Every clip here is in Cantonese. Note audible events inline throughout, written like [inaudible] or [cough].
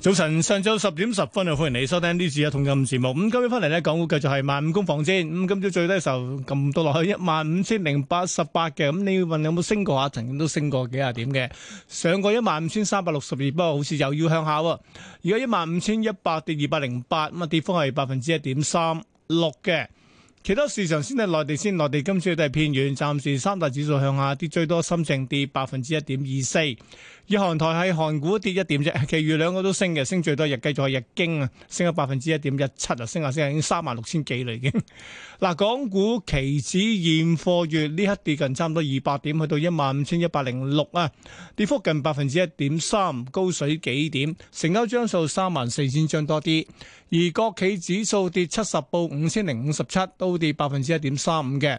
早晨，上晝十點十分啊，歡迎你收聽呢次嘅一桶金節目。咁今日翻嚟呢港股繼續係萬五攻防先。咁今朝最低嘅時候撳到落去一萬五千零八十八嘅，咁你問你有冇升過啊？曾經都升過幾十點嘅，上過一萬五千三百六十二，不過好似又要向下。而家一萬五千一百跌二百零八，咁啊跌幅係百分之一點三六嘅。其他市場先係內地先內地，內地今次都係偏軟，暫時三大指數向下跌，最多深證跌百分之一點二四。日韓台係韓股跌一點啫，其餘兩個都升嘅，升最多日計就係日經啊，升咗百分之一點一七啊，升下升下已經三萬六千幾啦已經。嗱， [laughs] 港股期指現貨月呢刻跌近差唔多二百點，去到一萬五千一百零六啊，跌幅近百分之一點三，高水幾點，成交張數三萬四千張多啲。而國企指數跌七十，報五千零五十七，都跌百分之一點三五嘅。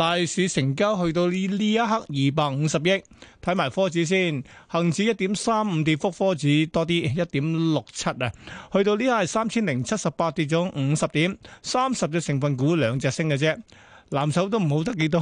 大市成交去到呢呢一刻二百五十億，睇埋科指先，恒指一點三五跌幅科，科指多啲一點六七啊，去到呢刻係三千零七十八跌咗五十點，三十隻成分股兩隻升嘅啫。藍籌都唔好得幾多，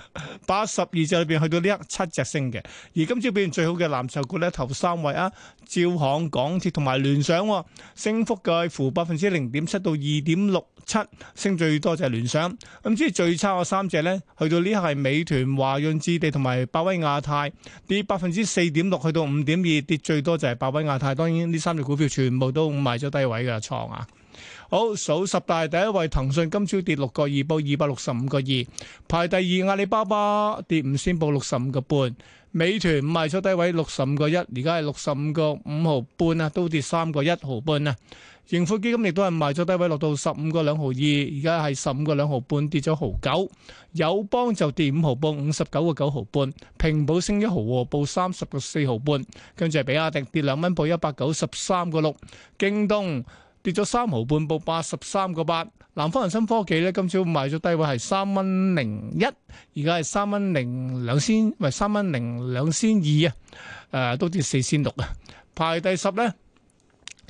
[laughs] 八十二隻裏邊去到呢一刻，七隻升嘅。而今朝表現最好嘅藍籌股咧，頭三位啊，招行、港鐵同埋聯想、哦，升幅介乎百分之零點七到二點六七，升最多就係聯想。咁即係最差嘅三隻咧，去到呢係美團、華潤置地同埋百威亞太，跌百分之四點六去到五點二，跌最多就係百威亞太。當然呢三隻股票全部都賣咗低位嘅倉啊。好數十大第一位，騰訊今朝跌六個二，報二百六十五個二。排第二，阿里巴巴跌五仙，報六十五個半。美團賣咗低位六十五個一，而家係六十五個五毫半啊，都跌三個一毫半啊。盈富基金亦都係賣咗低位，落到十五個兩毫二，而家係十五個兩毫半，跌咗毫九。友邦就跌五毫，報五十九個九毫半。平保升一毫，和報三十個四毫半。跟住係比亞迪跌兩蚊，報一百九十三個六。京東。跌咗三毫半，報八十三個八，南方恒生科技咧今朝賣咗低位係三蚊零一，而家係三蚊零兩仙，唔係三蚊零兩仙二啊，誒都跌四仙六啊，排第十咧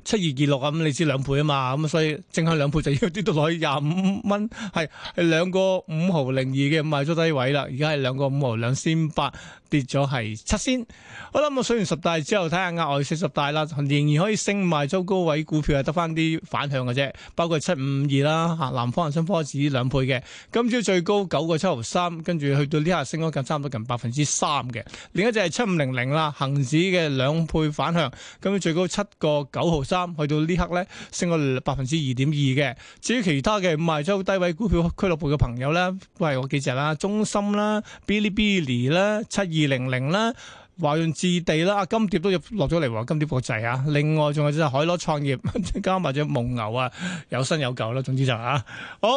七二二六啊，咁你知兩倍啊嘛，咁所以正向兩倍就要跌到落去廿五蚊，係係兩個五毫零二嘅賣咗低位啦，而家係兩個五毫兩仙八。跌咗係七仙，好啦，我數完十大之後，睇下額外四十大啦，仍然可以升賣周高位股票，係得翻啲反向嘅啫，包括七五五二啦，吓南方恒生科指兩倍嘅，今朝最高九個七毫三，跟住去到呢下升咗近差唔多近百分之三嘅，另一隻係七五零零啦，恒指嘅兩倍反向，咁最高七個九毫三，去到呢刻咧升咗百分之二點二嘅。至於其他嘅賣周低位股票俱樂部嘅朋友咧，喂，我幾隻啦，中芯啦，嗶哩嗶哩啦，七二。二零零啦，華潤置地啦、啊，金蝶都入落咗嚟，話金蝶國際啊。另外仲有隻海螺創業，啊、加埋隻蒙牛啊，有新有舊啦。總之就是、啊，好。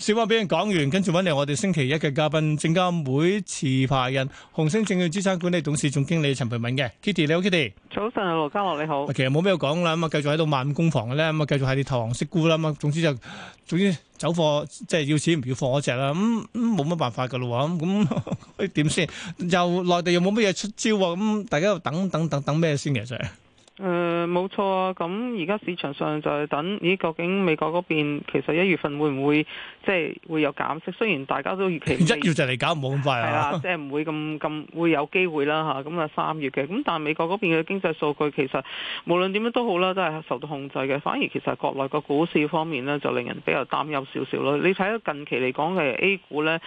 小話俾人講完，跟住揾嚟我哋星期一嘅嘉賓，證監會持牌人、紅星證券資產管理董事總經理陳培敏嘅 Kitty 你好，Kitty，早晨啊，羅嘉樂你好。其實冇咩講啦，咁啊繼續喺度慢工房嘅咧，咁啊繼續喺你堂行識估啦，咁總之就總之走貨即係要錢唔要貨嗰隻啦，咁冇乜辦法噶咯，咁咁點先？又內地又冇乜嘢出招，咁、嗯、大家又等等等等咩先其實誒冇、呃、錯啊！咁而家市場上就係等，咦？究竟美國嗰邊其實一月份會唔會即係、就是、會有減息？雖然大家都預期，然之後就嚟減，唔好咁快啦。係啦，即係唔會咁咁會有機會啦吓，咁啊三月嘅，咁但係美國嗰邊嘅經濟數據其實無論點樣都好啦，都係受到控制嘅。反而其實國內個股市方面呢，就令人比較擔憂少少咯。你睇到近期嚟講嘅 A 股呢，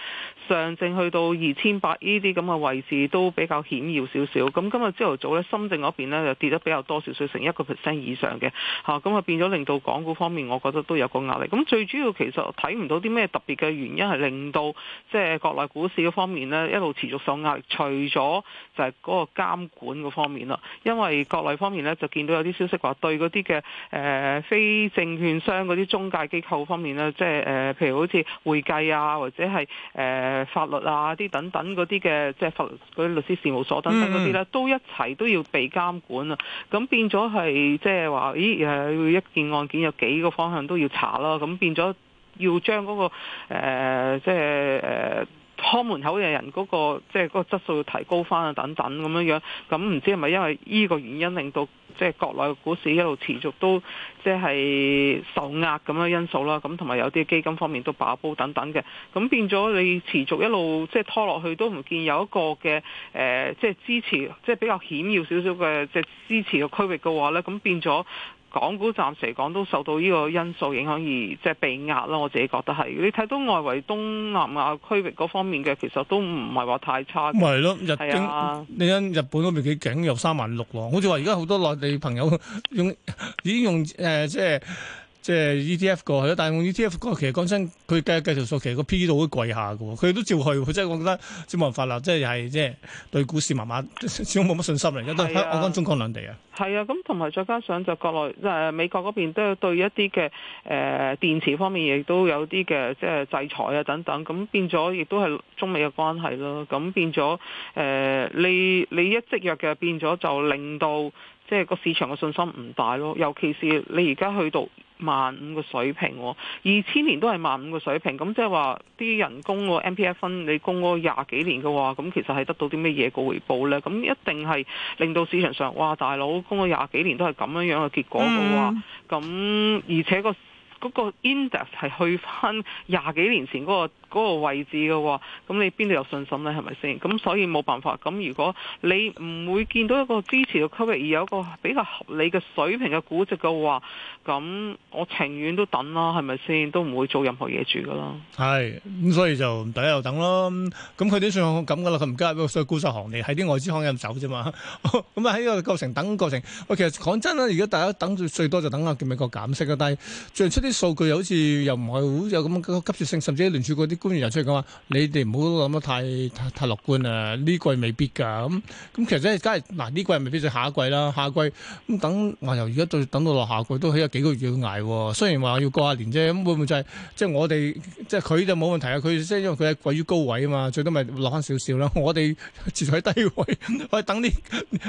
上證去到二千八呢啲咁嘅位置都比較險要少少。咁今日朝頭早呢，深圳嗰邊咧就跌得比較多。人少少成一個 percent 以上嘅嚇，咁啊變咗令到港股方面，我覺得都有個壓力。咁最主要其實睇唔到啲咩特別嘅原因係令到即係國內股市嘅方面呢一路持續受壓力。除咗就係嗰個監管嗰方面啦，因為國內方面呢就見到有啲消息話對嗰啲嘅誒非證券商嗰啲中介機構方面呢，即係誒譬如好似會計啊，或者係誒、呃、法律啊啲等等嗰啲嘅，即係法律嗰啲律師事務所等等嗰啲呢，都一齊都要被監管啊，咁。變咗係即係話，咦誒，一件案件有幾個方向都要查咯，咁變咗要將嗰個即係誒看門口嘅人嗰個即係嗰個質素要提高返啊等等咁樣樣，咁唔知係咪因為呢個原因令到，即係國內股市一路持續都即係受壓咁樣因素啦，咁同埋有啲基金方面都爆煲等等嘅，咁變咗你持續一路即係拖落去都唔見有一個嘅誒，即係支持，即係比較顯要少少嘅即係支持嘅區域嘅話咧，咁變咗。港股暫時嚟講都受到呢個因素影響而即係被壓咯，我自己覺得係。你睇到外圍東南亞區域嗰方面嘅其實都唔係話太差。唔係咯，日經、啊、你睇日本嗰邊幾勁，有三萬六咯。好似話而家好多內地朋友用已經用誒、呃、即係。即係 ETF 過去咯，但係用 ETF 過其實講真，佢計計條數，其實個 P E 都會貴下嘅。佢都照去，佢即係我覺得即冇人發力，即係又係即係對股市麻麻，始終冇乜信心嚟。而家都我講中國兩地啊，係啊，咁同埋再加上就國內即係美國嗰邊都有對一啲嘅誒電池方面亦都有啲嘅即係制裁啊等等，咁變咗亦都係中美嘅關係咯。咁變咗誒、呃、你你一積弱嘅變咗就令到。即係個市場嘅信心唔大咯，尤其是你而家去到萬五個水平，二千年都係萬五個水平，咁即係話啲人工個 MPF 分，你供嗰廿幾年嘅話，咁其實係得到啲咩嘢個回報呢？咁一定係令到市場上，哇！大佬供咗廿幾年都係咁樣樣嘅結果嘅話，咁、mm. 而且、嗰個嗰、嗰個 index 係去返廿幾年前嗰、嗰個。嗰個位置嘅喎，咁你邊度有信心咧？係咪先？咁所以冇辦法。咁如果你唔會見到一個支持嘅區域，而有一個比較合理嘅水平嘅估值嘅話，咁我情願都等啦，係咪先？都唔會做任何嘢住嘅啦。係咁，所以就第一又等咯。咁佢啲算咁嘅啦？佢唔加所以估數行嚟，喺啲外資行入走啫嘛。咁啊喺呢個過程等過程，喂，其實講真啦，如果大家等最多就等下叫美國減息嘅，但係最出啲數據好又好似又唔係好有咁急急切性，甚至聯儲局啲。官員又出嚟講話，你哋唔好諗得太太，太樂觀啊！呢季未必㗎，咁、嗯、咁、嗯、其實真係，梗係嗱，呢季未必就下一季啦。下季咁、嗯、等，啊、由而家到等到落下季都起有幾個月要捱。雖然話要過下年啫，咁會唔會就係、是、即係我哋即係佢就冇問題啊？佢即係因為佢係貴於高位啊嘛，最多咪落翻少少啦。我哋住喺低位，我 [laughs] 等呢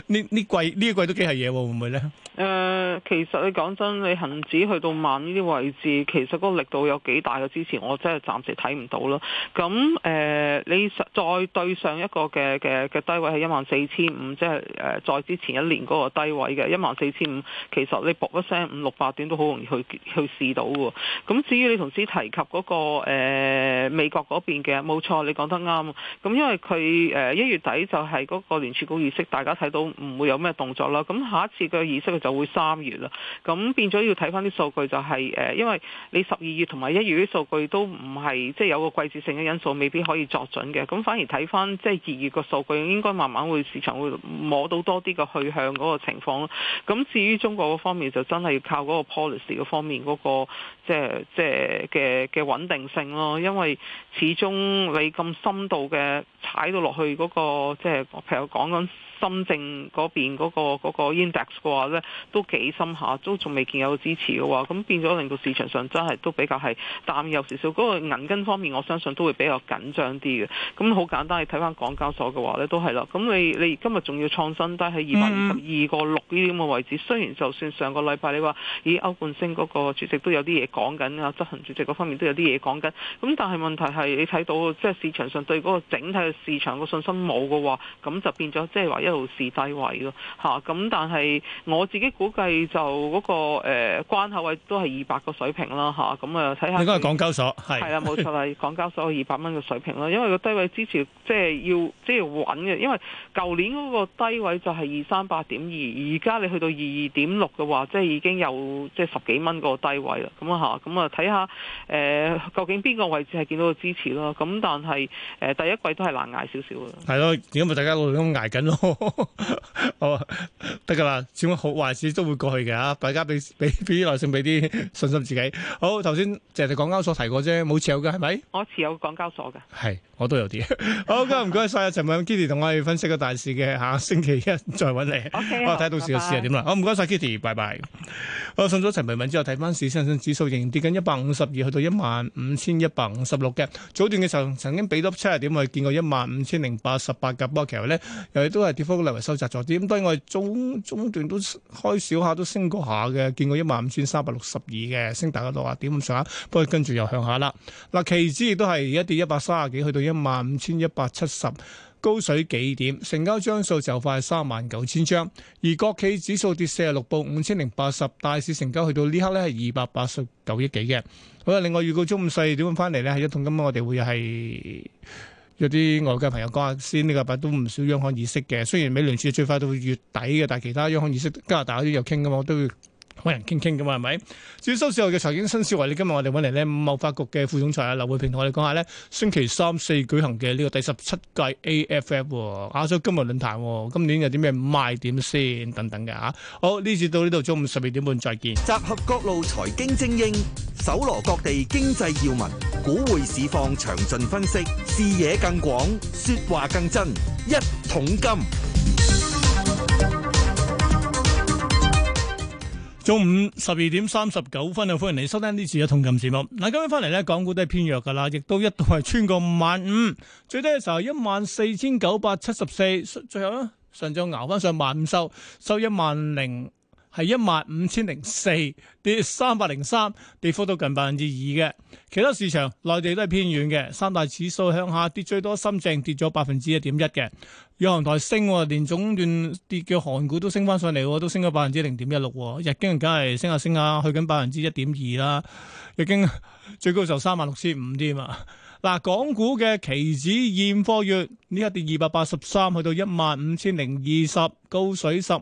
呢呢季呢季都幾係嘢喎，會唔會咧？誒、嗯，其實你講真，你恆指去到萬呢啲位置，其實嗰個力度有幾大嘅支持，我真係暫時睇唔到。咯，咁誒、呃，你再對上一個嘅嘅嘅低位係一萬四千五，即係誒再之前一年嗰個低位嘅一萬四千五，14, 500，其實你搏一聲五六百點都好容易去去試到嘅。咁至於你頭先提及嗰、嗰個、呃、美國嗰邊嘅，冇錯，你講得啱。咁因為佢誒一月底就係嗰個聯儲局議息，大家睇到唔會有咩動作啦。咁下一次嘅議息就會三月啦。咁變咗要睇翻啲數據、就係，就係誒，因為你十二月同埋一月啲數據都唔係即係有。個季節性嘅因素未必可以作準嘅，咁反而睇翻即係二月個數據，應該慢慢會市場會摸到多啲個去向嗰個情況咯。咁至於中國嗰方面，就真係要靠嗰個 policy 嗰方面嗰個即係即係嘅嘅穩定性咯，因為始終你咁深度嘅踩到落去嗰個即係我朋友講緊。深證嗰邊嗰、嗰個、嗰個、index 嘅話呢，都幾深下，都仲未見有支持嘅話，咁變咗令到市場上真係都比較係擔憂少少。嗰、嗰個銀根方面，我相信都會比較緊張啲嘅。咁好簡單，你睇翻港交所嘅話呢，都係咯。咁你你今日仲要創新低喺二百二十二個六呢啲咁嘅位置。雖然就算上個禮拜你話，咦歐冠昇嗰個主席都有啲嘢講緊啊，執行主席嗰方面都有啲嘢講緊。咁但係問題係你睇到即係、即係、市場上對嗰個整體嘅市場個信心冇嘅話，咁就變咗即係話一。做市低位咯，吓咁， [noise] [noise] 但係我自己估計就嗰個誒關口位都係二百個水平啦，吓咁啊，睇下。你嗰個港交所係係啦，冇錯啦，港交所二百蚊嘅水平啦，因為個低位支持即係要即係穩嘅，因為舊年嗰個低位就係二三八點二，而家你去到二二點六嘅話，即係已經有即係十幾蚊個低位啦，咁啊吓，咁啊睇下誒究竟邊個位置係見到個支持咯，咁但係誒第一季都係難挨少少嘅。係咯，而家咪大家一路咁挨緊咯。哦，得噶啦，點樣好壞事都會過去嘅吓，大家俾俾俾啲耐性，俾啲信心自己。好，頭先淨係講港交所提過啫，冇持有嘅係咪？我持有港交所嘅，係我都有啲。好，今唔該晒陳文敏 Kitty 同我哋分析個大市嘅吓，星期一再揾你。 [laughs] o Okay，睇到時嘅市係點啦。拜拜。好，唔該晒 Kitty，拜拜。好，信咗陳文敏之後，睇翻市，相信指數仍然跌緊一百五十二，去到一萬五千一百五十六嘅。早段嘅時候曾經俾多七十點，我哋見過一萬五千零八十八嘅波潮咧，又係都係幅嚟維收窄咗啲，咁當然我哋中中段都開小下，都升過下嘅，見過一萬五千三百六十二嘅，升大概六啊點咁上下，不過跟住又向下啦。嗱，期指亦都係一跌一百三十幾，去到一萬五千一百七十，高水幾點？成交張數就快三萬九千張，而國企指數跌四十六報，五千零八十，大市成交去到呢刻呢係二百八十九億幾嘅。好啦，另外預告中午四點翻嚟呢係一桶金，我哋會係。有啲外界朋友講下先，呢個禮拜都唔少央行議息嘅。雖然美聯儲最快到月底嘅，但係其他央行議息，加拿大啲有傾㗎嘛，我都會揾人傾傾㗎嘛，係咪？至於收市後嘅財經新思維，你今日我哋揾嚟咧，貿發局嘅副總裁啊，劉慧平同我哋講下咧，星期三四舉行嘅呢個第十七屆 AFF 亞洲金融論壇，今年有啲咩賣點先等等嘅啊。好，呢次到呢度中午十二點半再見。集合各路財經精英，搜羅各地經濟要聞，股匯市況詳盡分析，視野更廣，説話更真，一桶金。中午十二點三十九分啊，歡迎你收聽呢次嘅《一桶金節目》。嗱，今日翻嚟咧，港股都係偏弱噶啦，亦都一度係穿過萬五，最低嘅時候一萬四千九百七十四，最後咧上漲熬翻上萬五收，收一萬零。係一萬五千零四，跌三百零三，跌幅都近百分之二嘅。其他市場內地都係偏軟嘅，三大指數向下跌最多深，深圳跌咗百分之一點一嘅。日韓台升，連總段跌嘅韓股都升翻上嚟，都升咗百分之零點一六。日經梗係升下升下，去緊百分之一點二啦。日經最高就三萬六千五添啊！嗱，港股嘅期指現貨月呢一跌二百八十三去到一萬五千零二十，高水十五，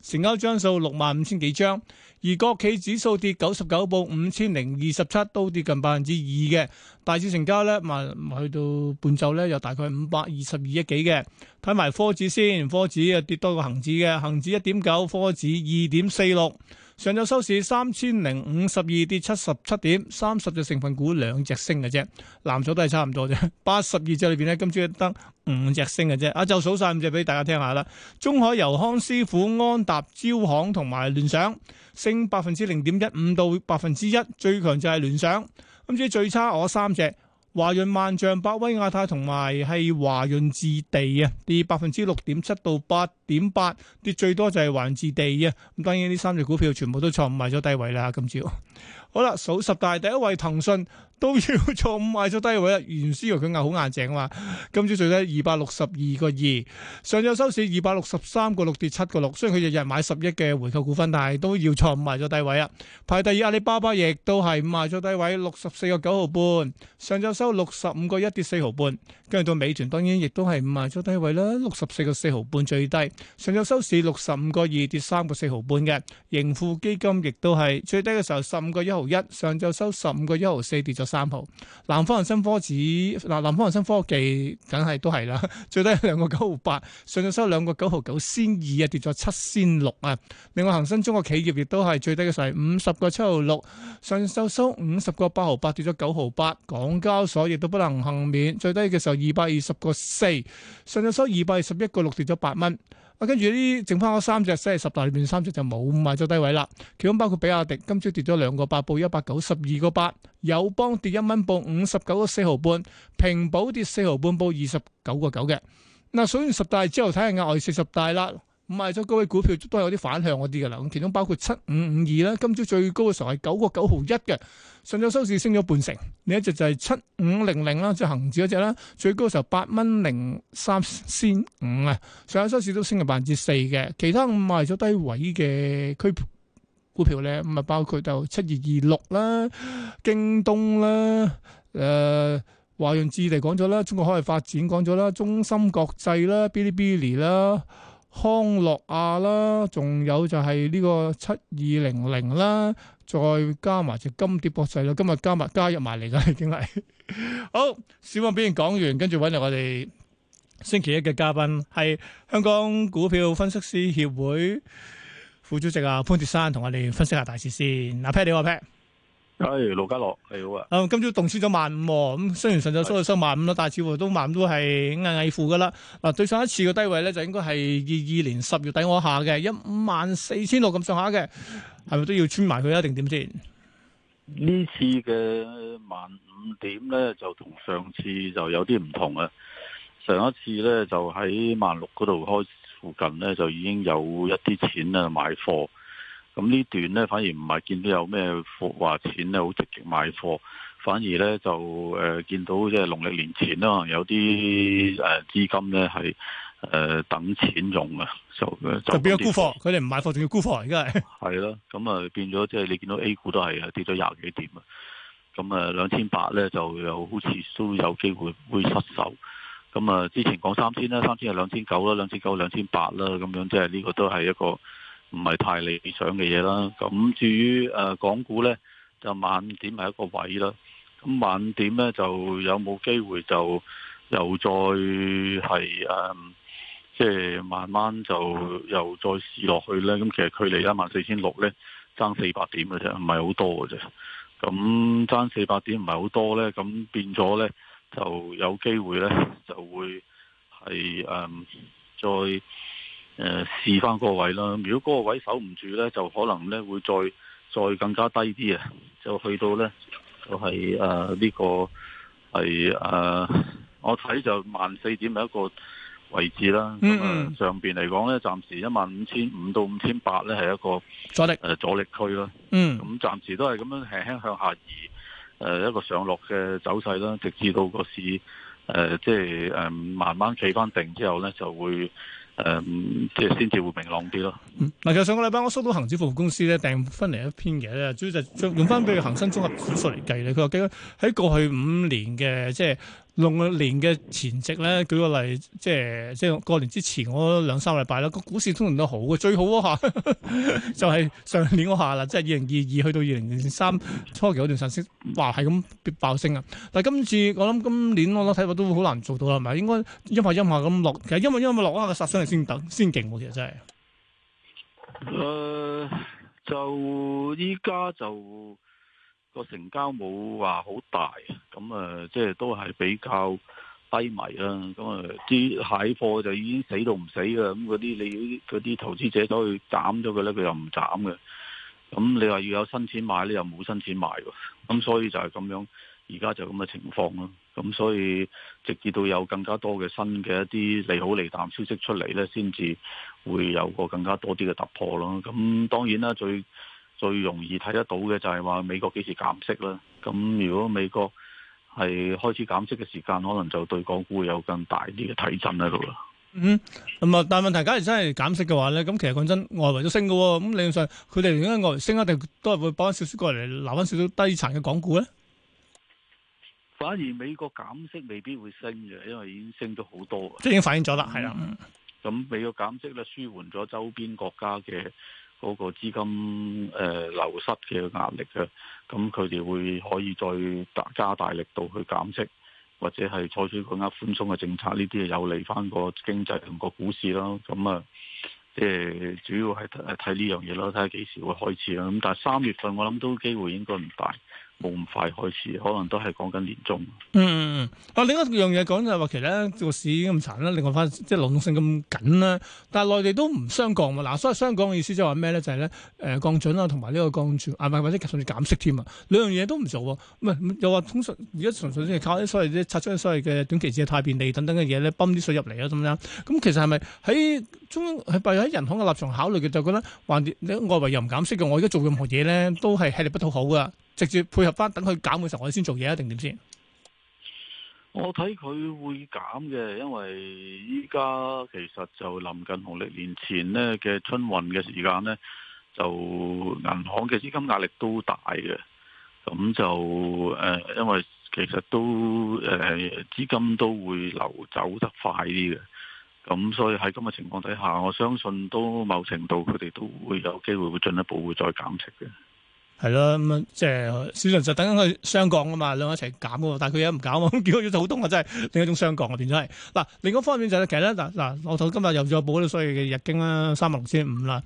成交張數六萬五千幾張。而國企指數跌九十九，報五千零二十七，都跌近百分之二嘅。大市成交咧，萬去到半晝咧，又大概五百二十二億幾嘅。睇埋科指先，科指又跌多過恒指嘅，恒指一點九，科指二點四六。上晝收市三千零五十二跌七十七點，三十隻成分股兩隻升嘅啫，藍籌都係差唔多啫。八十二隻裏邊咧，今朝得五隻升嘅啫。阿、啊、就數晒五隻俾大家聽下啦。中海油、康師傅、安踏、招行同埋聯想升百分之零點一五到百分之一，1, 1, 最強就係聯想。今朝最差我三隻。華潤萬象、百威亞太同埋係華潤置地啊，跌百分之六點七到八點八，跌最多就係華潤置地啊。咁當然呢三隻股票全部都創埋咗低位啦。今朝。好啦，數十大第一位騰訊都要創埋咗低位啦，原先佢硬好硬淨啊嘛，今朝最低二百六十二個二，上晝收市二百六十三個六，跌七個六，雖然佢日日買十億嘅回購股份，但係都要創埋咗低位啊。排第二阿里巴巴亦都係創埋咗低位，六十四個九毫半，上晝收六十五個一，跌四毫半，跟住到美團當然亦都係創埋咗低位啦，六十四個四毫半最低，上晝收市六十五個二，跌三個四毫半嘅盈富基金亦都係最低嘅時候十五個一毫。一上晝收十五個一毫四，跌咗三毫。南方恒生科指。嗱，南方恒生科技梗係都係啦，最低係兩個九毫八。上晝收兩個九毫九，先二啊，跌咗七先六啊。另外恒生中國企業亦都係最低嘅時候五十個七毫六，上晝收五十個八毫八，跌咗九毫八。港交所亦都不能幸免，最低嘅時候二百二十個四，上晝收二百二十一個六，跌咗八蚊。跟住呢，剩翻嗰三隻，即係十大裏邊三隻就冇賣咗低位啦。其中包括比亞迪今朝跌咗兩個八，報一百九十二個八；友邦跌一蚊，報五十九個四毫半；平保跌四毫半，報二十九個九嘅。嗱，數完十大之後，睇下額外四十大啦。五賣咗高位股票都係有啲反向嗰啲㗎啦。咁其中包括七五五二啦，今朝最高嘅時候係九個九毫一嘅，上晝收市升咗半成。另一隻就係七五零零啦，即係恆指嗰隻啦，最高嘅時候八蚊零三仙五啊，上晝收市都升咗百分之四嘅。其他五賣咗低位嘅區股票咧，咁啊包括就七二二六啦、京東啦、誒、呃、華潤置地講咗啦、中國海外發展講咗啦、中芯國際啦、Bilibili 啦。康樂亞啦，仲有就係呢個七二零零啦，再加埋隻金蝶國際啦，今日加埋加入埋嚟噶，已經係好，小王表示講完，跟住揾嚟我哋星期一嘅嘉賓，係香港股票分析師協會副主席啊潘鐵山，同我哋分析下大市先。阿 Pat，你好，阿 Pat。阿係盧、哎、家樂你好啊！咁、嗯、今朝凍穿咗萬五，咁雖然上晝收咗收萬五咯，但係似乎都萬都係岌岌乎噶啦。嗱、啊，對上一次嘅低位咧，就應該係二二年十月底我下嘅一萬四千六咁上下嘅，係咪都要穿埋佢一定點先？呢次嘅萬五點咧，就同上次就有啲唔同啊！上一次咧就喺萬六嗰度開附近咧，就已經有一啲錢啊買貨。咁呢段咧，反而唔係見到有咩貨話錢咧，好積極買貨，反而咧就誒、呃、見到即係農曆年前啦，有啲誒資金咧係誒等錢用嘅，就就，就變咗沽貨。佢哋唔買貨，仲要沽貨，而家係。係咯，咁啊變咗即係你見到 A 股都係啊，跌咗廿幾點啊，咁啊兩千八咧就又好似都有機會會失守。咁啊之前講三千啦，三千係兩千九啦，兩千九兩千八啦，咁樣即係呢個都係一個。唔係太理想嘅嘢啦。咁至於誒港股呢，就萬點係一個位啦。咁萬點呢，就有冇機會就又再係誒，即、嗯、係、就是、慢慢就又再試落去呢？咁其實距離一萬四千六呢，爭四百點嘅啫，唔係好多嘅啫。咁爭四百點唔係好多呢。咁變咗呢，就有機會呢，就會係誒、嗯、再。誒、呃，試翻個位啦。如果嗰個位守唔住呢，就可能呢會再再更加低啲啊，就去到呢，就係誒呢個係誒、呃，我睇就萬四點係一個位置啦。咁、嗯嗯、上邊嚟講呢，暫時一萬五千五到五千八呢係一個阻力誒、呃、阻力區啦。嗯，咁暫時都係咁樣輕輕向下移誒、呃，一個上落嘅走勢啦，直至到個市誒、呃，即係誒、呃、慢慢企翻定之後呢，就會。誒，即係先至會明朗啲咯。嗯，嗱、啊，其實上個禮拜我收到恒指服務公司咧訂分嚟一篇嘅咧，主要就係、用翻譬如恒生綜合指數嚟計咧，佢話計喺過去五年嘅即係。農曆年嘅前夕咧，舉個例，即係即係過年之前，我兩三個禮拜啦，個股市通常都好嘅，最好啊吓， [laughs] 就係上年嗰下啦，即係二零二二去到二零二三初期嗰段上升，哇，係咁爆升啊！但係今次我諗今年我諗睇法都好難做到啦，係咪應該一拍一拍咁落，其實一拍一拍落下個殺傷力先等先勁，其實真係。誒，uh, 就依家就。個成交冇話好大，咁啊，即係都係比較低迷啦。咁啊，啲蟹貨就已經死到唔死㗎。咁嗰啲你啲投資者都去斬咗佢咧，佢又唔斬嘅。咁你話要有新錢買，你又冇新錢買。咁所以就係咁樣，而家就咁嘅情況咯。咁所以直至到有更加多嘅新嘅一啲利好利淡消息出嚟咧，先至會有個更加多啲嘅突破咯。咁當然啦，最。最容易睇得到嘅就係話美國幾時減息啦，咁如果美國係開始減息嘅時間，可能就對港股會有更大啲嘅提振喺度啦。嗯，唔係，但係問題假如真係減息嘅話咧，咁其實講真，外圍都升嘅，咁理論上佢哋而家外圍升還是還是一定都係會幫少少過嚟留翻少少低殘嘅港股咧。反而美國減息未必會升嘅，因為已經升咗好多，即係已經反映咗啦，係啦。咁美國減息咧，舒緩咗周邊國家嘅。嗰個資金誒流失嘅壓力嘅，咁佢哋會可以再加大力度去減息，或者係採取更加寬鬆嘅政策，呢啲係有利返個經濟同個股市囉。咁啊，即係主要係睇呢樣嘢咯，睇下幾時會開始啦。咁但係三月份我諗都機會應該唔大。冇咁快開始，可能都係講緊年中。嗯嗯嗯，啊另一樣嘢講就係話，其實咧個市已經咁殘啦，另外翻即係流動性咁緊啦，但係內地都唔相降嘛。嗱，所以相降嘅意思即係話咩咧？就係咧誒降準啦，同埋呢個降準啊，係咪？或者甚至減息添啊。兩樣嘢都唔做，唔、嗯、係又話通常而家純粹即係靠啲所謂啲拆出所謂嘅短期借貸便利等等嘅嘢咧，泵啲水入嚟啊咁樣。咁、嗯、其實係咪喺中係擺喺人行嘅立場考慮？嘅就覺得話你外圍又唔減息嘅，我而家做任何嘢咧都係吃力不討好噶。直接配合翻，等佢減嘅時候，我哋先做嘢一定點先？我睇佢會減嘅，因為依家其實就臨近農曆年前呢嘅春運嘅時間呢，就銀行嘅資金壓力都大嘅。咁就誒、呃，因為其實都誒、呃、資金都會流走得快啲嘅。咁所以喺咁嘅情況底下，我相信都某程度佢哋都會有機會會進一步會再減息嘅。係咯，咁啊，即、嗯、係、就是、小常就等緊佢雙降噶嘛，兩個一齊減喎，但係佢而家唔減喎，結果要好多啊，真係另一種雙降啊，變咗係。嗱、啊，另一方面就係、是、其實咧，嗱、啊、嗱，我睇今日又再補咗所謂嘅日經啦，三萬六千五啦，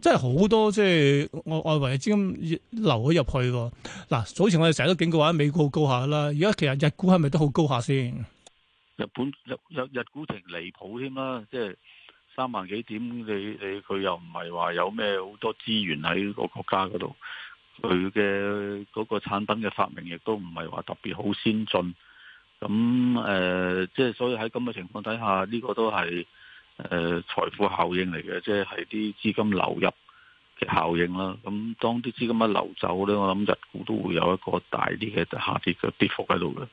真係好多即係外外圍資金流咗入去喎。嗱、啊，早前我哋成日都警告話，美股好高下啦，而家其實日股係咪都好高下先？日本日日日股仲離譜添啦，即係三萬幾點，你你佢又唔係話有咩好多資源喺個國家嗰度。佢嘅嗰個產品嘅發明亦都唔係話特別好先進，咁誒，即、呃、係、即係、所以喺咁嘅情況底下，呢、呢個都係誒、呃、財富效應嚟嘅，即係係啲資金流入嘅效應啦。咁當啲資金一流走咧，我諗日股都會有一個大啲嘅下跌嘅跌幅喺度嘅。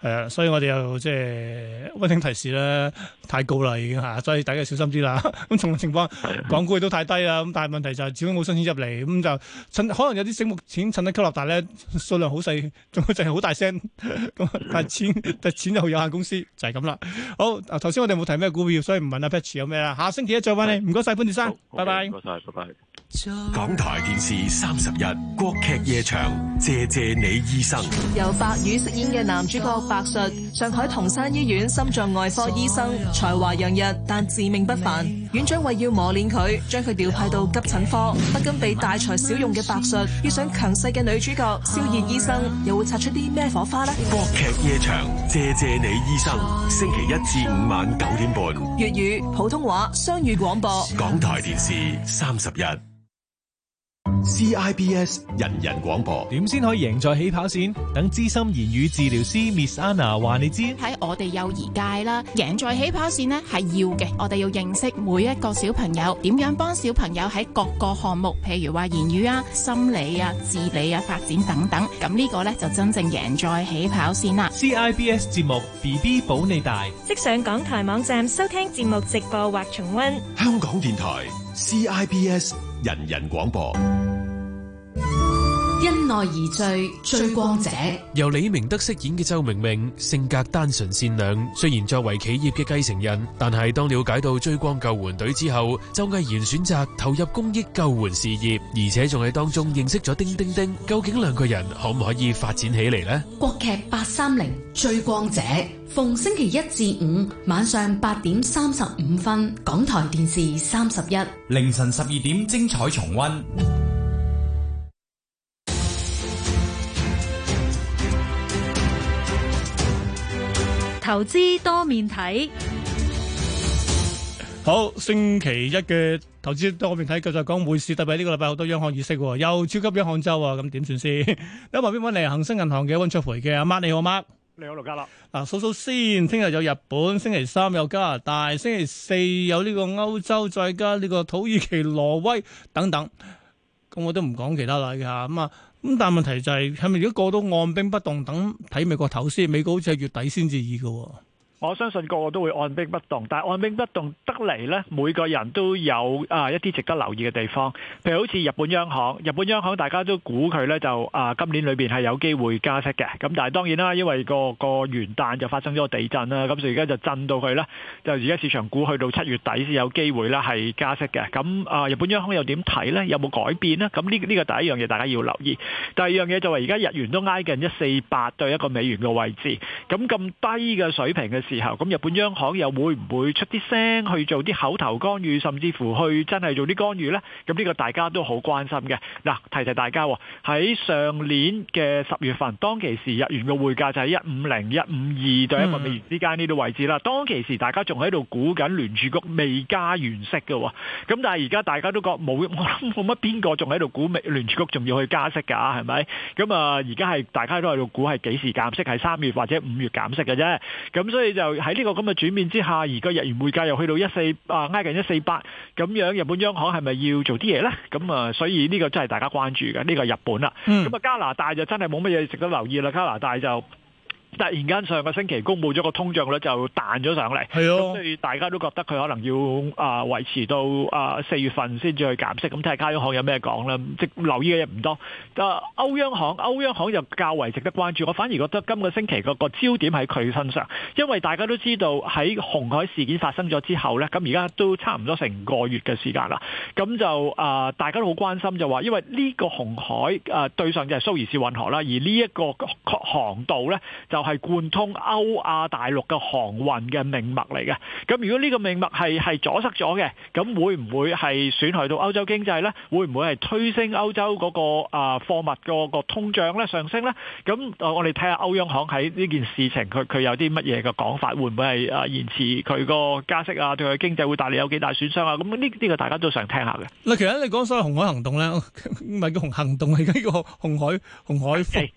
係啊、嗯，所以我哋又即係溫馨提示啦，太高啦已經吓、啊，所以大家小心啲啦。咁、啊、從、嗯、情況，港股亦都太低啦。咁但係問題就始終冇新錢入嚟，咁、嗯、就趁可能有啲醒目錢趁得吸納、啊，但係咧數量好細，仲會淨係好大聲。咁但係錢但係錢又有限公司，就係咁啦。好，頭、啊、先我哋冇提咩股票，所以唔問阿、啊、Patch 有咩啦。下星期一再翻你，唔該晒潘先生，謝謝好拜拜。港台電視三十日，國劇夜場，謝謝你醫生。由白宇飾演嘅男主角白術，上海同山醫院心臟外科醫生，所有 才華洋溢，但自命不凡。院長為要磨練佢，將佢調派到急診科。不甘被大材小用嘅白術，遇上強勢嘅女主角肖葉 [laughs] 醫生，又會擦出啲咩火花呢？國劇夜場，謝謝你醫生。星期一至五晚九點半，粵語、普通話雙語廣播。港台電視三十日。CIBS 人人廣播，點先可以贏在起跑線？等資深言語治療師 Miss Anna 話你知，喺我哋幼兒界啦，贏在起跑線呢係要嘅。我哋要認識每一個小朋友，點樣幫小朋友喺各個項目，譬如話言語啊、心理啊、自理啊發展等等。咁呢個呢，就真正贏在起跑線啦。CIBS 節目 BB 保你大，即上港台網站收聽節目直播或重溫香港電台。CIBS 人人廣播。因愛而醉，追光者由李明德飾演嘅周明明，性格單純善良。雖然作為企業嘅繼承人，但係當了解到追光救援隊之後，周毅然選擇投入公益救援事業，而且仲喺當中認識咗丁丁丁。究竟兩個人可唔可以發展起嚟呢？國劇八三零追光者，逢星期一至五晚上八點三十五分，港台電視三十一，凌晨十二點精彩重溫。投資多面睇，好星期一嘅投資多面睇，繼續講匯市。特別呢個禮拜好多央行議息，又超級央行周啊，咁點算先？咁旁邊位嚟，恒生銀行嘅溫卓培嘅阿孖，你好孖，你好羅家樂。嗱，數數先，聽日有日本，星期三有加拿大，星期四有呢個歐洲，再加呢個土耳其、挪威等等。咁我都唔講其他啦，噶阿孖。嗯咁但問題就係係咪如果個個都按兵不動，等睇美國頭先？美國好似係月底先至議㗎喎。我相信個個都會按兵不動，但係按兵不動得嚟呢，每個人都有啊一啲值得留意嘅地方。譬如好似日本央行，日本央行大家都估佢呢就啊今年裏邊係有機會加息嘅。咁但係當然啦，因為個個元旦就發生咗地震啦，咁所以而家就震到佢啦。就而家市場估去到七月底先有機會啦係加息嘅。咁啊日本央行又點睇呢？有冇改變呢？咁呢呢個第一樣嘢大家要留意。第二樣嘢就係而家日元都挨近一四八對一個美元嘅位置。咁咁低嘅水平嘅。時候咁，日本央行又會唔會出啲聲去做啲口頭干預，甚至乎去真係做啲干預呢？咁、這、呢個大家都好關心嘅。嗱，提提大家喎，喺上年嘅十月份，當其時日元嘅匯價就喺一五零、一五二對一個美元之間呢度位置啦。嗯、當其時大家仲喺度估緊聯儲局未加完息嘅喎，咁但係而家大家都覺冇，我諗冇乜邊個仲喺度估聯儲局仲要去加息㗎？係咪？咁啊，而家係大家都喺度估係幾時減息，係三月或者五月減息嘅啫。咁所以。就喺呢個咁嘅轉變之下，而個日元匯價又去到一四啊，挨近一四八咁樣，日本央行係咪要做啲嘢呢？咁啊，所以呢個真係大家關注嘅，呢個係日本啦。咁啊、嗯，加拿大就真係冇乜嘢值得留意啦，加拿大就。突然間上個星期公佈咗個通脹率就彈咗上嚟，咁的所以大家都覺得佢可能要啊維持到啊四月份先至去減息。咁睇下央行有咩講啦。即留意嘅嘢唔多，啊歐央行歐央行就較為值得關注。我反而覺得今個星期個焦點喺佢身上，因為大家都知道喺紅海事件發生咗之後呢，咁而家都差唔多成個月嘅時間啦。咁就啊大家都好關心就話，因為呢個紅海啊對上就係蘇伊士運河啦，而呢一個航道呢。就。係貫通歐亞大陸嘅航運嘅命脈嚟嘅，咁如果呢個命脈係係阻塞咗嘅，咁會唔會係損害到歐洲經濟咧？會唔會係推升歐洲嗰個啊貨物個通脹咧上升咧？咁我哋睇下歐央行喺呢件事情佢佢有啲乜嘢嘅講法，會唔會係啊延遲佢個加息啊？對佢經濟會帶嚟有幾大損傷啊？咁呢呢個大家都想聽下嘅。嗱，其實你講所謂紅海行動咧，唔係叫紅行動，係呢個紅海紅海紅、哎、呀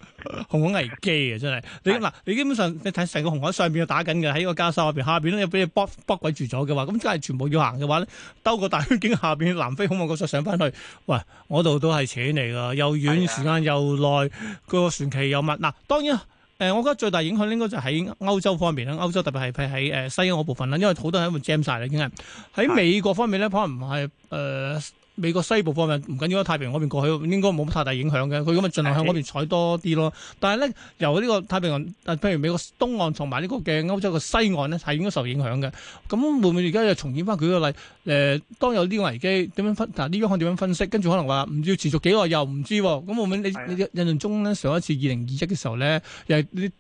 紅海危機啊！真係你嗱。你基本上你睇成個紅海上邊係打緊嘅，喺個加沙下邊，下邊咧又俾你北包鬼住咗嘅話，咁真係全部要行嘅話咧，兜個大圈經下邊南非好望角再上翻去，喂，我度都係扯嚟噶，又遠時間又耐，個船期又密。嗱，當然誒、呃，我覺得最大影響應該就喺歐洲方面啦，歐洲特別係喺喺誒西歐嗰部分啦，因為好多喺度 jam 晒啦，已經係喺美國方面咧，可能唔係誒。呃美國西部方面唔緊要，太平洋嗰邊過去應該冇太大影響嘅。佢咁咪盡量向嗰邊採多啲咯。但係咧，由呢個太平洋，但譬如美國東岸同埋呢個嘅歐洲嘅西岸咧，係應該受影響嘅。咁、嗯、會唔會而家又重現翻？佢個例，誒，當有呢個危機點樣分？嗱、啊，呢樣嘢點樣分析？跟住可能話唔知要持續幾耐又唔知。咁、嗯、會唔會你印象的中咧上一次二零二一嘅時候咧，又係呢啲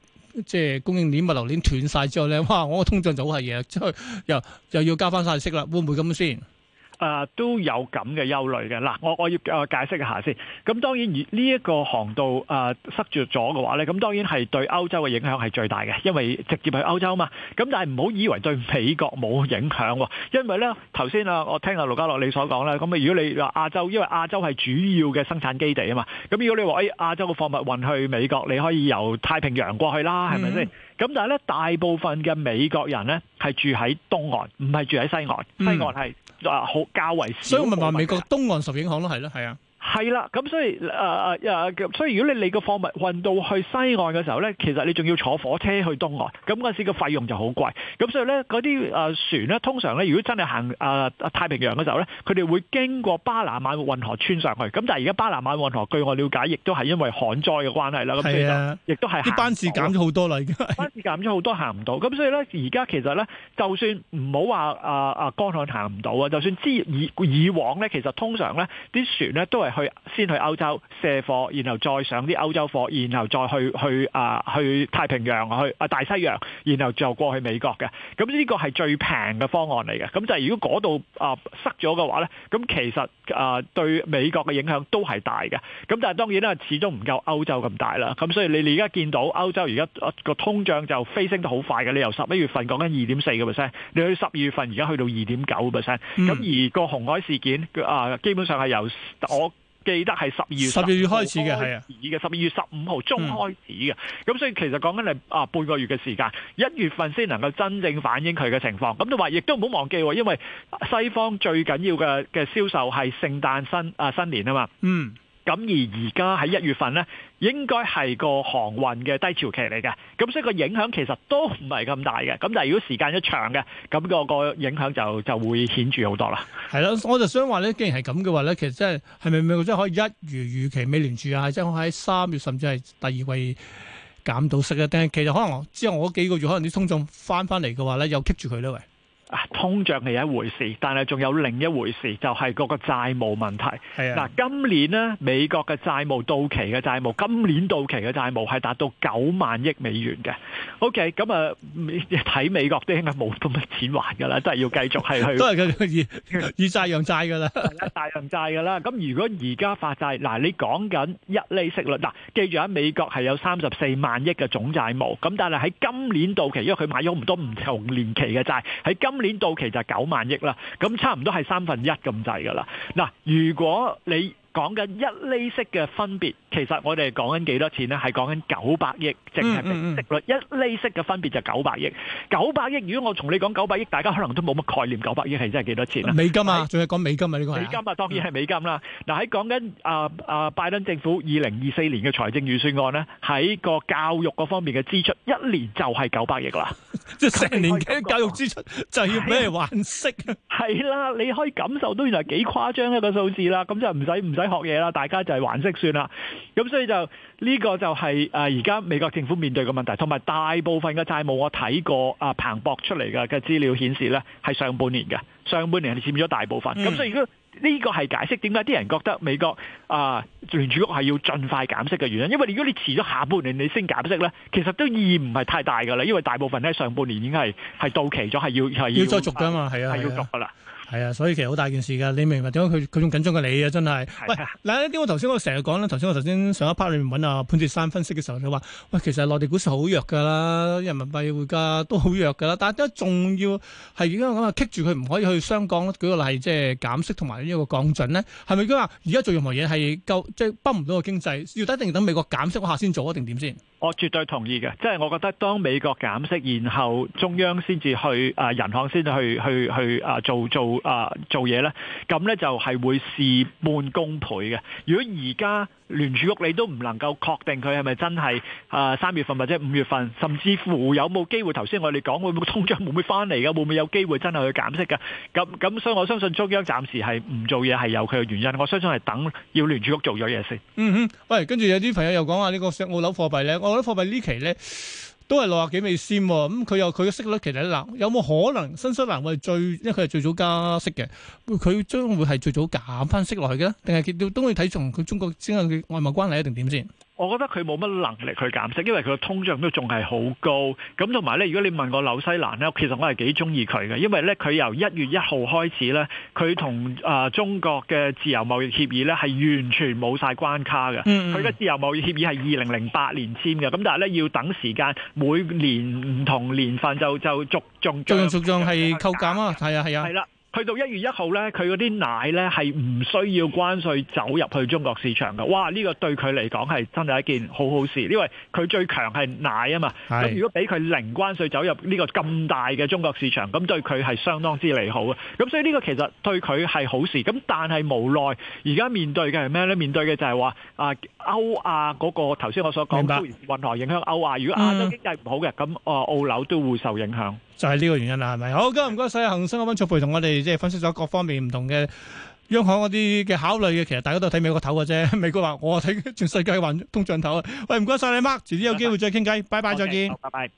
即係供應鏈物流鏈斷晒之後咧，哇！我個通脹就好係嘢。即係又又，又要加翻晒息啦。會唔會咁先？啊，都有咁嘅憂慮嘅。嗱，我我要啊解釋一下先。咁當然而呢一個航道啊塞住咗嘅話咧，咁當然係對歐洲嘅影響係最大嘅，因為直接去歐洲啊嘛。咁但係唔好以為對美國冇影響喎，因為咧頭先啊，我聽阿盧家樂你所講咧，咁如果你話亞洲，因為亞洲係主要嘅生產基地啊嘛，咁如果你話誒亞洲嘅貨物運去美國，你可以由太平洋過去啦，係咪先？咁但係咧，大部分嘅美國人咧係住喺東岸，唔係住喺西岸，西岸係。就好較為少，所以我咪話美國東岸受影響咯。係咯，係啊。係啦，咁、嗯、所以誒誒誒，所以如果你你個貨物運到去西岸嘅時候咧，其實你仲要坐火車去東岸，咁嗰時個費用就好貴。咁、嗯、所以咧嗰啲誒船咧，通常咧如果真係行誒、呃、太平洋嘅時候咧，佢哋會經過巴拿馬運河穿上去。咁但係而家巴拿馬運河據我了解，亦都係因為旱災嘅關係啦。係啊的，亦都係啲班次減咗好多啦，已經 [laughs] 班次減咗好多，行唔到。咁所以咧，而家其實咧，就算唔好話誒誒乾旱行唔到啊，就算之以以往咧，其實通常咧啲船咧都係。去先去歐洲卸貨，然後再上啲歐洲貨，然後再去去啊去太平洋，去啊大西洋，然後就過去美國嘅。咁呢個係最平嘅方案嚟嘅。咁就係如果嗰度啊塞咗嘅話呢，咁其實啊對美國嘅影響都係大嘅。咁但係當然啦，始終唔夠歐洲咁大啦。咁所以你你而家見到歐洲而家個通脹就飛升得好快嘅。你由十一月份講緊二點四個 percent，你去十二月份而家去到二點九個 percent。咁而個紅海事件啊，基本上係由我。記得係十二月十二月開始嘅係啊，嘅十二月十五號中開始嘅。咁所以其實講緊係啊半個月嘅時間，一月份先能夠真正反映佢嘅情況。咁你話亦都唔好忘記，因為西方最緊要嘅嘅銷售係聖誕新啊新年啊嘛，嗯。咁而而家喺一月份咧，應該係個航運嘅低潮期嚟嘅，咁所以個影響其實都唔係咁大嘅。咁但係如果時間一長嘅，咁、那個個影響就就會顯著好多啦。係啦，我就想話咧，既然係咁嘅話咧，其實即係係咪美國真可以一如預期，美聯儲啊，即係喺三月甚至係第二季減到息一啲？其實可能之後我幾個月可能啲通脹翻翻嚟嘅話咧，又 keep 住佢咧，喂。通脹係一回事，但係仲有另一回事，就係嗰個債務問題。嗱，今年呢美國嘅債務到期嘅債務，今年到期嘅債務係達到九萬億美元嘅。OK，咁啊，睇美國都應該冇咁多錢還㗎啦，都係要繼續係去都係佢以債養債㗎啦，債養債㗎啦。咁如果而家發債，嗱你講緊一厘息率，嗱記住喺美國係有三十四萬億嘅總債務，咁但係喺今年到期，因為佢買咗唔多唔同年期嘅債，喺今今年到期就九萬億啦，咁差唔多係三分一咁滯㗎啦。嗱，如果你講緊一厘息嘅分別，其實我哋講緊幾多錢呢？係講緊九百億，淨係利息率嗯嗯嗯一厘息嘅分別就九百億。九百億，如果我同你講九百億，大家可能都冇乜概念億，九百億係真係幾多錢啊？美金啊？仲要講美金啊？呢個係美金啊，當然係美金啦，啊。嗱喺講緊啊啊拜登政府二零二四年嘅財政預算案呢，喺個教育嗰方面嘅支出，一年就係九百億啦，即係成年嘅教育支出就要俾人還息。係啦， [laughs] 你可以感受到原來幾誇張一個數字啦，咁就唔使唔使。學嘢啦，大家就係還息算啦。咁所以就呢、這個就係誒而家美國政府面對嘅問題，同埋大部分嘅債務我睇過啊、呃，彭博出嚟嘅嘅資料顯示呢係上半年嘅，上半年係佔咗大部分。咁、嗯、所以如果呢個係解釋點解啲人覺得美國啊原主屋係要盡快減息嘅原因，因為如果你遲咗下半年你先減息呢，其實都意義唔係太大噶啦，因為大部分咧上半年已經係係到期咗，係要係要，要續噶嘛，係啊，係要續噶啦。係啊，所以其實好大件事噶。你明白點解佢佢仲緊張過你啊？真係。 [laughs] 喂，點解我頭先我成日講咧，頭先我頭先上一 part 裏面揾阿潘鐵山分析嘅時候，就話：喂，其實內地股市好弱噶啦，人民幣匯價都好弱噶啦。但係點解仲要係而家咁啊？棘住佢唔可以去雙降咧？舉個例，即係減息同埋呢一個降準咧，係咪佢話而家做任何嘢係夠即係幫唔到個經濟？要一定等美國減息一下先做啊？定點先？我絕對同意嘅，即係我覺得當美國減息，然後中央先至去啊，銀行先至去去去啊，做做啊做嘢咧，咁咧就係會事半功倍嘅。如果而家聯儲局你都唔能夠確定佢係咪真係啊三月份或者五月份，甚至乎有冇機會頭先我哋講會唔會通脹會唔會翻嚟嘅，會唔會有機會真係去減息嘅？咁咁，所以我相信中央暫時係唔做嘢係有佢嘅原因。我相信係等要聯儲局做咗嘢先。嗯哼，喂，跟住有啲朋友又講話呢個澳紐貨幣咧，我。我覺得貨幣呢期咧都係六廿幾味先喎，咁佢有佢嘅息率，其實嗱，有冇可能新西蘭佢最，因為佢係最早加息嘅，佢將會係最早減翻息落去嘅咧，定係結都會睇從佢中國之間嘅外貿關係，一定點先？我覺得佢冇乜能力去減息，因為佢個通脹都仲係好高。咁同埋咧，如果你問我紐西蘭咧，其實我係幾中意佢嘅，因為咧佢由一月一號開始咧，佢同啊中國嘅自由貿易協議咧係完全冇晒關卡嘅。佢嘅自由貿易協議係二零零八年簽嘅，咁但係咧要等時間，每年唔同年份就就逐漸逐漸逐漸係扣減啊！係啊係啊係啦。去到一月一號呢，佢嗰啲奶呢，係唔需要關稅走入去中國市場嘅哇！呢、呢個對佢嚟講係真係一件好好事，因為佢最強係奶啊嘛。咁是如果俾佢零關稅走入呢個咁大嘅中國市場，咁對佢係相當之利好啊。咁所以呢個其實對佢係好事。咁但係無奈而家面對嘅係咩呢？面對嘅就係話啊，歐亞嗰個頭先我所講嘅運河影響歐亞。如果亞洲經濟唔好嘅，咁、嗯、澳洲都會受影響。就係呢個原因啦，係咪？好，今日唔該晒恒生嘅溫卓培，同我哋即係分析咗各方面唔同嘅央行嗰啲嘅考慮嘅，其實大家都睇美國頭嘅啫，美國話我睇全世界環通脹頭啊！喂，唔該晒你，Mark，遲啲有機會再傾偈。拜拜，拜拜 okay，再見，拜拜。